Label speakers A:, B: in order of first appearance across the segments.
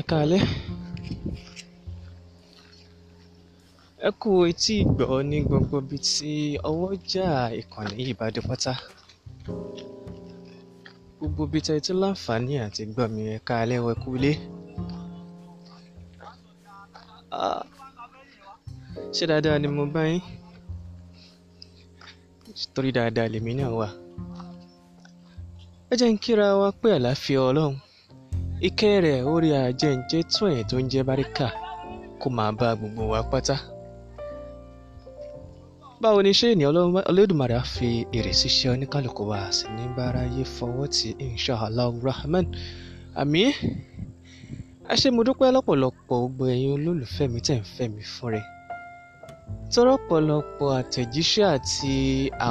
A: Ẹ káalẹ́. Ẹ kú etí ìgbọ́ ní gbogbo ibi tí ọwọ́ jà ìkànnì yìí bá dé pátá. Gbogbo ibi tẹ́ ti láǹfààní àti gbọ́ mi ẹ káalẹ́ wẹ kúlé. Ṣé dáadáa ni mo bá yín? Torí dáadáa lèmi náà wà. Ẹ jẹ́ ń kíra wa pé àlàáfíà Ọlọ́run ìkẹ́ rẹ̀ orí àjẹǹjẹ́ tún ẹ̀ tó ń jẹ́ báríkà kó máa bá gbogbo wa pátá. báwo ni ṣé ènìyàn Olódùmarè á fi èrè ṣiṣẹ́ oníkálukú wa sí ní báráyé fọwọ́ tí inshallah rahman àmì ẹ ṣé mo dúpẹ́ lọ́pọ̀lọpọ̀ gbogbo ẹ̀yin olólùfẹ́ mi tẹ̀ ń fẹ́ mi fún rẹ̀ tọ́rọ̀pọ̀lọpọ̀ àtẹ̀jíṣẹ́ àti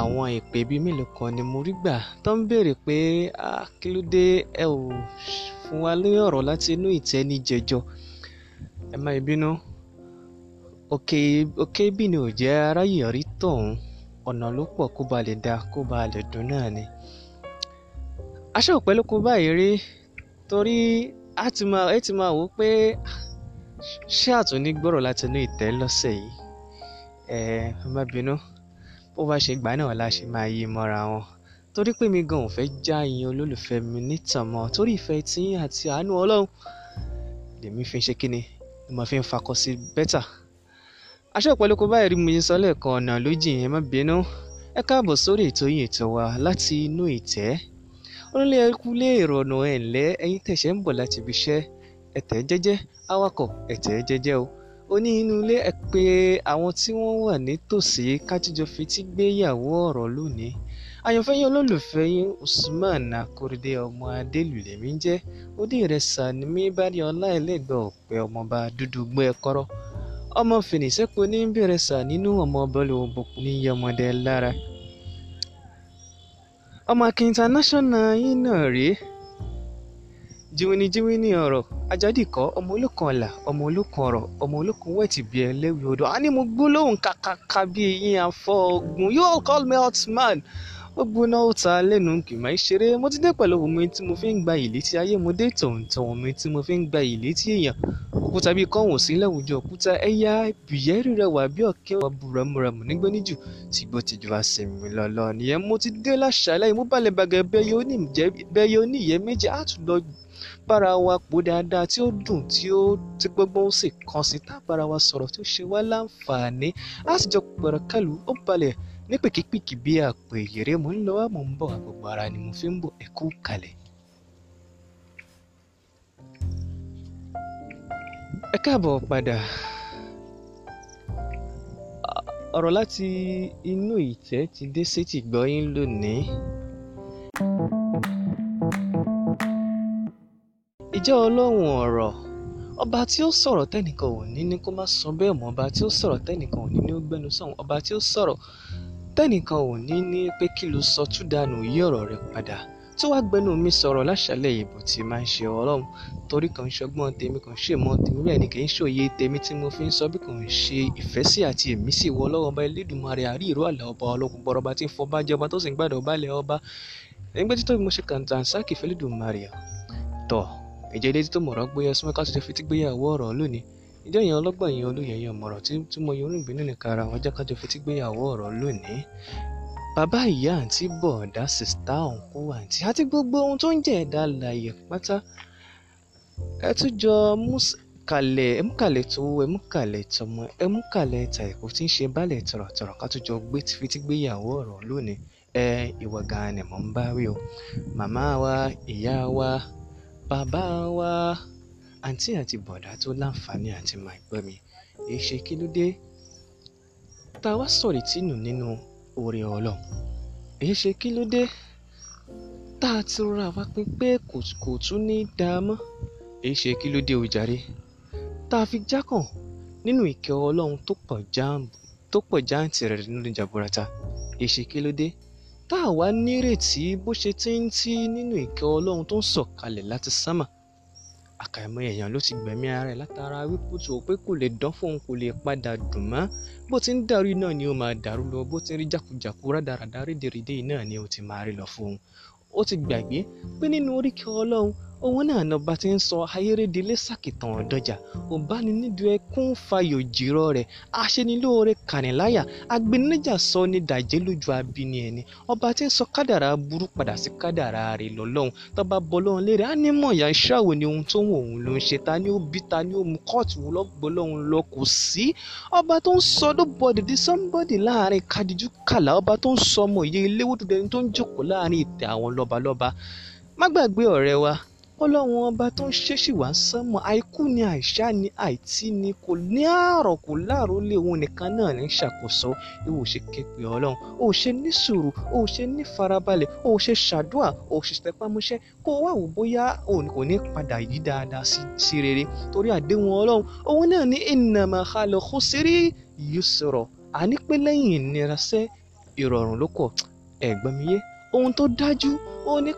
A: àwọn ìpè bíi mélòó kan ni mo rí gbà tó ń béèrè pé ah, kí ló dé ẹ ò fún wa ní ọ̀rọ̀ láti inú ìtẹ́nijẹjọ ẹ má bínú òkè òkè bí ni ò jẹ́ aráyè rí tọ̀hún ọ̀nà ló pọ̀ kó ba lè da kó ba lè dùn náà ni aṣọ òpẹ́ ló kó báyìí rí torí a ti máa ẹ ti máa wò ó pé ṣé àtúní gbọ́rọ̀ láti inú ìtẹ́ lọ́sẹ̀ yìí ẹ má bínú bó bá ṣe gbà náà la ṣe máa yí mọ́ra wọn torí pé mi gan ò fẹ́ já ìyẹn olólùfẹ́ mi níta mọ́ torí ìfẹ́ tiyín àti àánú ọlọ́run lèmi fi ń ṣe kíni ni mo fi ń fakọ sí bẹ́tà aṣọ ìpẹ́lẹ́kọ báyìí rí mi sọ lẹ́ẹ̀kan ọ̀nà lójì yẹn má bínú ẹ káàbọ̀ sórí ètò yìí ètò wa láti inú ìtẹ́ onílé ẹkúlé ìrọ̀nà ẹ̀ ńlẹ́ ẹ̀yin tẹ̀sẹ̀ ń bọ̀ láti ibi iṣẹ́ ẹ̀tẹ̀ jẹ́jẹ́ awakọ̀ ẹ̀tẹ̀ jẹ́jẹ́ o oní inú ilé ẹ pé àwọn tí wọ́n wà nítòsí kájíjọ fetí gbéyàwó ọ̀rọ̀ lónìí àyànfẹ́ yín olólùfẹ́ yín Usman Akorede ọmọ Adélù lèmi ń jẹ́ òdì rẹ̀ Sànímí bárí ọlá ẹlẹ́gbẹ́ ọ̀pẹ ọmọọba dúdú gbọ́ ẹ̀kọ́rọ́ ọmọ fèrèsẹ́po ní bẹ̀rẹ̀ sà nínú ọmọ bọ́ọ̀lù òbòkú ní yọmọdé lára ọmọ akin international yín náà rèé jiwini ọrọ ọ̀rọ̀ ajádìkọ́ ọmọ olókan ọ̀la ọmọ olókan ọrọ ọmọ olókan wẹ̀tì bíi ẹlẹ́wìí odò á ní mo gbólóhùn kàkàkà bíi yín afọ́ ogun you call me hot man ó gbóná ó ta lẹ́nu kìmá ìṣeré mo ti dé pẹ̀lú omi tí mo fi ń gba ìlé tí ayé mo dé tọ̀hùntàn omi tí mo fi ń gba ìlé tí èèyàn òkúta bíi kọ́hùn sí láwùjọ òkúta ẹ̀yà bìyẹ́rì rẹwà bí ọ̀kẹ́ wa buramuramu nígbóníjù tí gbọ́ ti jọba sẹ̀mí lọ́lọ́ nìyẹn mo ti dé láṣàlẹ̀ mo balẹ̀ bàgẹ́ bẹ́yẹ oníyẹ méje á tún lọ bára wa pò dáadáa tí ó dùn tí ó ti gbọ́gbọ́n ó sì kàn sí tá bára wa sọ̀rọ̀ tí ó ṣe wá láǹfààní á sì jọ pẹ̀rẹ̀kẹ́lù ó balẹ̀ ní pèkípèkí bí àpò ìyèrè mò ń lọ wá mò ń bọ̀ àgbègbè ara ni mo fi ń bọ̀ ẹ kalẹ̀. ẹ káàbọ̀ padà ọ̀rọ̀ láti inú ìtẹ́ ti dé sétí gbọ́yìn lónìí. ìjẹ́ ọlọ́run ọ̀rọ̀ ọba tí ó sọ̀rọ̀ tẹ́nìkan ò ní ní kó má sọ bẹ́ẹ̀ mọ́ ọba tí ó sọ̀rọ̀ tẹ́nìkan ò ní ní ó gbẹ́nu sọ̀hún ọba tí ó sọ̀rọ̀ tẹ́nìkan ò ní ní pé kí ló sọ tú dànù yí ọ̀rọ̀ rẹ padà tí wàá gbẹnu mi sọ̀rọ̀ láṣàlẹ̀ ìbò tí máa ń ṣe ọlọ́run torí kan ṣọgbọ́n tèmi kan ṣe mọ́ tèmi rẹ̀ ni kì í ṣòye tèmi tí mo fi ń sọ bí kò ń ṣe ìfẹ́ sí àti èmi sì wọ ọlọ́run ọba elédùnmarè àrí ìró àlà ọba ọlọ́kùn gbọ́rọ̀ba tí ń fọba jẹ ọba tó sì ń gbàdọ̀ ọba ilẹ̀ ọba nígbà tí tóbi mo ṣe kàǹtàǹsáàkì fẹ́lẹ́dùnmarè tọ̀ ìjẹ́ ilé tí tó mọ̀rọ̀ gbéyà súnmọ́ ká fi ti gbéyàwó ọ̀rọ̀ lónìí ìjọ èèyàn ọlọ́gbọ̀n èèyàn olóyèyè ọmọọ̀rọ̀ tí tí mo yorùn ìbínú nìkan ara wọn jákàjọ fi tígbéyàwó ọ̀rọ̀ lónìí bàbá ìyá àǹtí bọ̀ọ̀dá sìstá òǹkú àǹtí àti gbogbo ohun tó ń jẹ́ ẹ̀dá alààyè pátá ẹ tún jọ mú kalẹ̀ ẹ mú kalẹ̀ tó ẹ mú kalẹ̀ tọmọ ẹ mú kalẹ̀ tàìkò tí ń ṣe balẹ̀ tọ̀rọ̀tọ̀rọ̀ ká tún jọ gbé fi tígbéyàwó ọ̀rọ̀ lónìí ẹ ìwọ gan ni mò ń bá wí o màmá wa ìyá wa bàbá wa àǹtí àti bọ̀dá tó láǹfààní àti máa gbọ́ mi èṣe kí ló dé ta wá sọ̀rọ̀ tìǹù nínú oore ọlọ́ èṣe kí ló dé tá a ti rọra wá pín pé kò tún ní í dáa mọ́ èṣe kí ló dé o jàre tá a fi jákàn nínú ìkẹ́ ọlọ́run tó pọ̀ jáàmù nínú jaburata èṣe kí ló dé tá wá nírètí bó ṣe ti ń tí nínú ìkẹ́ ọlọ́run tó ń sọ̀kalẹ̀ láti sámà àkàìmọ̀ èèyàn ló ti gbẹ̀mí ara ẹ̀ látara wípé tó pé kò lè dán fóun kò lè padà dùn mọ́ bó ti ń darí náà ni ó máa dàrú lọ bó ti ń rí jákujàku rádaràdá rédèrèdè náà ni ó ti máa rí lọ fóun ó ti gbàgbé pé nínú oríkèé ọlọ́run òun náà ni ọba ti ń sọ ayérédélé sàkìtàn ọ̀dọ́jà ọ̀báninídùú ẹkún fayọ̀ jìrọ̀ rẹ̀ aṣenilóore kàníláyà agbẹnijà sọ ní dàjẹ́ lójú abíní ẹni ọba ti ń sọ kádàrá burú padà sí kádàrá rẹ̀ lọ́lọ́run tọ́ba bọ́lọ́run léèrè á ní mọ̀ọ́yà ni ohun tó ń òun ló ń ṣe ta ni ó bí ta ni ó mu kóòtù lọ́gbọ́lọ́run lọ kò sí ọba tó ń sọ nobody di somebody láàrin kadiju kàlà ọba tó ń sọ ọmọ ìyẹ́ ilé wúdúdẹni tó ń jókòó láàrin ìtẹ̀ àwọn lọ́balọ́ba má gbàgbé ọ̀rẹ́ wa ọlọ́run ọba tó ń ṣèṣì wá ń sánmọ̀ àìkú ni àìṣá ni àìtí ni kò ní àárọ̀ kò láàrọ̀ lé òun nìkan náà ní ṣàkóso ìwò ṣe képe ọlọ́run ò ṣe ní sùúrù ò ṣe ní farabalẹ̀ ò ṣe ṣàdúà ò ṣe tẹpámúṣẹ́ kó wá wò bóyá òun kò ní padà yí dáadáa sí rere torí àdéhùn ọlọ́run òun náà ní innama khalal khusri yusra àní pé lẹ́yìn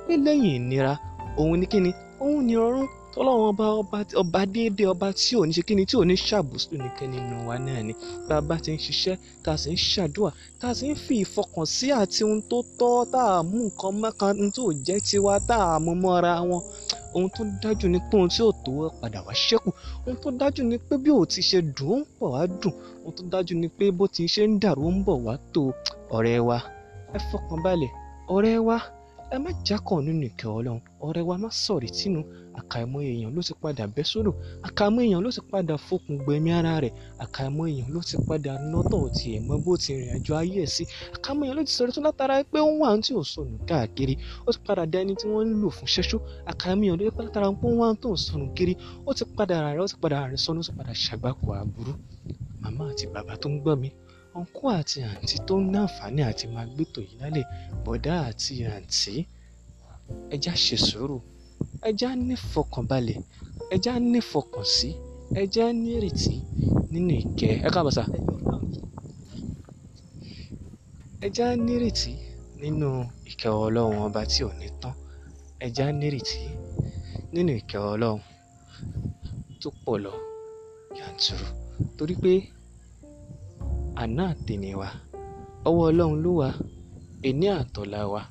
A: pé lẹ́yìn ìnira òun ni ọ̀run tọ́lọ́run ọba ọba ọba déédéé ọba tí ò ní ṣe kíni tí ò ní ṣàbùsùn nìkan nínú wa náà ni bá a bá ti ń ṣiṣẹ́ tá a sì ń ṣàdúà tá a sì ń fi ìfọkànsí àti ohun tó tọ́ tá a mú nǹkan mọ́kan tó jẹ́ tiwa tá a mú mọ́ra wọn ohun tó dájú ni pé ohun tí ò tó padà wá ṣẹ́kù ohun tó dájú ni pé bí ò ti ṣe dùn ó ń pọ̀ wá dùn ohun tó dájú ni pé bó ti ṣe ń dàrú ó ń bọ̀ wá tó ọ̀rẹ́ wa ẹ fọkàn balẹ̀ ọ̀rẹ́ wa ẹ má jákọ̀ nínú ìkẹ́ ọlọ́run ọ̀rẹ́ wa má sọ̀rí tìǹù àkàìmọ̀ èèyàn ló ti padà bẹ́ sódò àkàìmọ̀ èèyàn ló ti padà fokùn gbẹ̀mí ara rẹ̀ àkàìmọ̀ èèyàn ló ti padà nọ́tọ̀ ti ẹ̀ mọ́ bó ti rìn àjò ayé ẹ̀ sí àkàìmọ̀ èèyàn ló ti sọ̀rọ̀ tó látara pé ó ń wà tí ò sọnù káàkiri ó ti padà dá ẹni tí wọ́n ń lò fún ṣẹ́ṣú àkàìmọ̀ èèyàn ló ti látara pé ó ń wà tó ń sọnù kiri ó ti padà rà rẹ̀ ó ti padà rẹ̀ sọnù ó ti padà ṣàgbákò àbúrú màmá àti bàbá tó ń gbọ́ mi ọ̀nkú àti àǹtí tó ń náǹfààní àti máa gbé tòyí lálẹ́ bọ̀dá àti àǹtí ẹja ṣe sùúrù ẹja nífọkànbalẹ̀ ẹja nífọkànsí ẹja nírètí nínú ìkẹ́ ẹ káàbọ̀ sà ẹja nírètí nínú ìkẹ́ ọlọ́run ọba tí ò ní tán ẹja nírètí nínú ìkẹ́ ọlọ́run tó pọ̀ lọ yàntúrú torí pé àná àtẹ̀nì wa ọwọ́ ọlọ́run ló wà ẹni àtọ̀la wa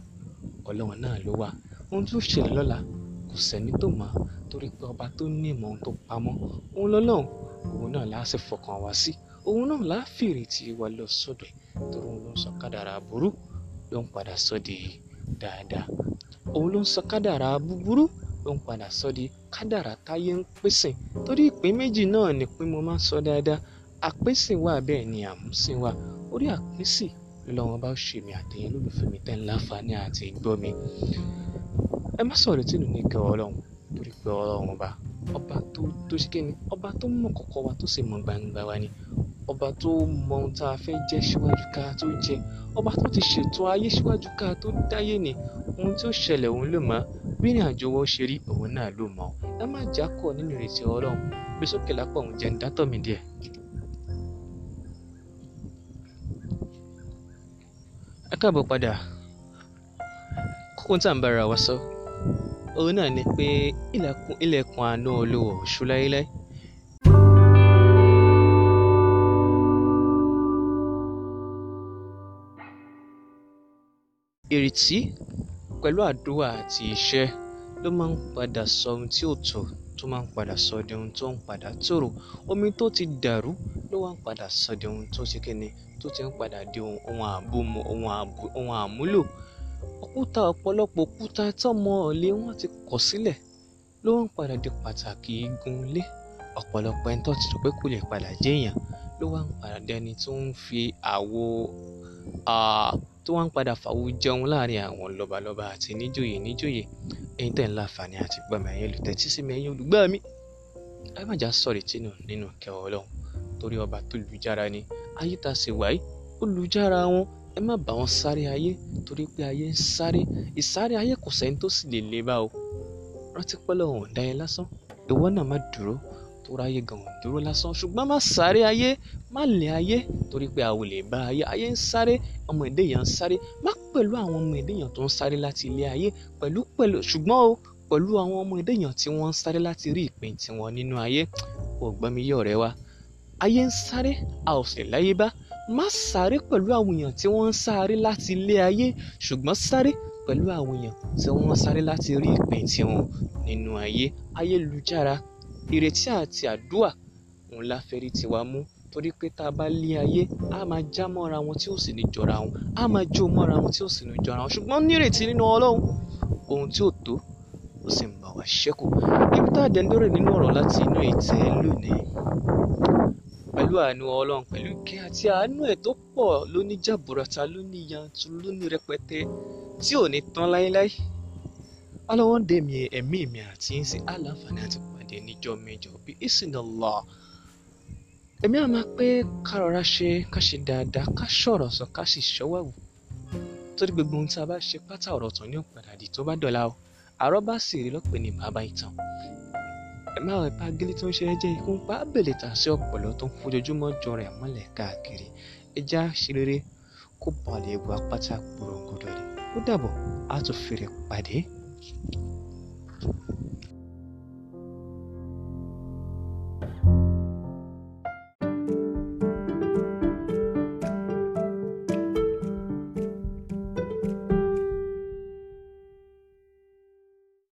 A: ọlọ́run náà ló wà ohun tó ṣẹlẹ̀ lọ́la kò sẹ́ni tó mọ̀ torí pé ọba tó ní ìmọ̀ ohun tó pamọ́ òun lọ́lọ́run òun náà láà sì fọkàn wá sí òun náà láà fìrètí wa lọ sọ́dọ̀ torí òun ló ń sọ burú ló ń padà sọ dáadáa òun ló ń sọ búburú ló ń padà sọ di táyé ń pèsè torí ìpín méjì náà ni mo máa ń sọ dáadáa àpínsìn wà bẹ́ẹ̀ ni àmúsìn wà orí àpínsìn lọ́wọ́n bá ṣe mi àtẹ̀yìn lólùfẹ́ mi tẹ́ ńlá fani àti gbọ́ mi ẹ má sọ̀rọ̀ tí nìyí kẹ ọlọ́run torí pé ọlọ́run ọba ọba tó tó ṣe kéne ọba tó mọ̀ kọ̀kọ̀ wa tó sì mọ̀ gbangba wa ni ọba tó mọ ohun tá a fẹ́ jẹ́ síwájú ká tó jẹ ọba tó ti ṣètò ayé síwájú ká tó dáyé ni ohun tí ó ṣẹlẹ̀ òun ló mọ̀ bí ní àjò wọn ṣe rí òun náà ló mọ̀ ẹ má jákọ̀ nínú ìrètí ọlọ́run gbèsókè lápò òun jẹ́ ń dátọ̀ mi díẹ̀. ẹ káàbọ̀ padà kókó tá à ń bára wa sọ òun náà ni pé ilẹ̀kùn àánú olówó ṣú láéláé. ìrètí pẹ̀lú àdúrà àti iṣẹ́ ló máa ń padà sọ ohun tí ò tó tó máa ń padà sọ di ohun tó ń padà tòrò omi tó ti dàrú ló wá ń padà sọ di ohun tó ṣe kíni tó ti ń padà di ohun àbomọ ohun àmúlò òkúta ọ̀pọ̀lọpọ̀ òkúta tọ́mọ ọ̀lẹ wọn ti kọ̀ sílẹ̀ ló ń padà di pàtàkì igun lé ọ̀pọ̀lọpọ̀ ẹni tó ti rò pé kò lè padà jẹ́yàn ló wá ń padà dẹni tó ń fi àwo tó wá ń padà fàwo jẹun láàrin àwọn lọ́balọ́ba àti níjòyè níjòyè ẹ̀yin tẹ̀ ń láǹfààní àti gbọ́ ẹ̀yin olùtẹ́tí sí mi ẹ̀yin olùgbọ́ mi ẹ má jà sọ̀rọ̀ tìǹù nínú kẹ́ ọlọ́run torí ọba tó lu jára ni ayé ta sì wáyé ó lu jára wọn ẹ má bá wọn sáré ayé torí pé ayé ń sáré ìsáré ayé kò sẹ́ni tó sì lè le bá o rántí pé Ọlọ́run dá ẹ lásán ìwọ náà má dúró torí ayé gan òun dúró lásán ṣùgbọ́n má sáré ayé má lè ayé torí pé àwọn lè bá ayé ayé ń sáré ọmọ èdè yẹn ń sáré má pẹ̀lú àwọn ọmọ èdè yẹn tó ń sáré láti ilé ayé pẹ̀lú pẹ̀lú ṣùgbọ́n o pẹ̀lú àwọn ọmọ èdè yẹn tí wọ́n ń sáré láti rí ìpín tiwọn nínú ayé ò gbọ́n mi yé ọ̀rẹ́ wa ayé ń sáré a ò sì láyé bá má sáré pẹ̀lú àwọn èèyàn tí wọ́n ń sáré láti ilé ayé ṣùgbọ́n sáré pẹ̀lú àwọn èèyàn tí wọ́n ń sáré láti rí ìpín tiwọn nínú ayé ayélujára ìrètí àti àdúà òun la fẹ́ rí tiwa mú torí pé tá a bá lé ayé a máa já mọ́ra wọn tí ó sì ní jọra wọn a máa jó mọ́ra wọn tí ó sì ní jọra wọn ṣùgbọ́n nírètí nínú ọlọ́run ohun tí ò tó ó sì ń bá wa ṣẹ́kù ibi tá a dẹ̀ ń nínú ọ̀rọ̀ láti inú ìtẹ́ lónìí pẹ̀lú àánú ọlọ́run pẹ̀lú ìkẹ́ àti àánú ẹ̀ tó pọ̀ lóní jàbùrọ̀ta lóní yanturu lóní rẹpẹtẹ tí ò ní tán láéláé alọ́wọ́n dẹ̀mí ẹ̀mí mi àti ń sin aláǹfààní àti ìpàdé níjọ́ mẹ́jọ bí ìsìnàlá èmi àmà pé ká rọra ṣe ká ṣe dáadáa ká ṣọ̀rọ̀ sọ ká sì ṣọwọ́ wò torí gbogbo ohun tí a bá ṣe pátá ọ̀rọ̀ tán ní òpadà dì tó bá dọ̀la o àrọ́ bá sì rí lọ́pẹ́ ní bàbá ìtàn ẹ má rẹ pa gílí tó ń ṣe ẹjẹ ikú ń pa abèlè tà sí ọpọlọ tó ń fojoojúmọ́ jọ rẹ̀ mọ́lẹ̀ káàkiri ẹjẹ àṣírere kó bọ̀ lè wọ apáta gbòròǹgòdò rẹ̀ ó dàbọ̀ á tún fèrè pàdé.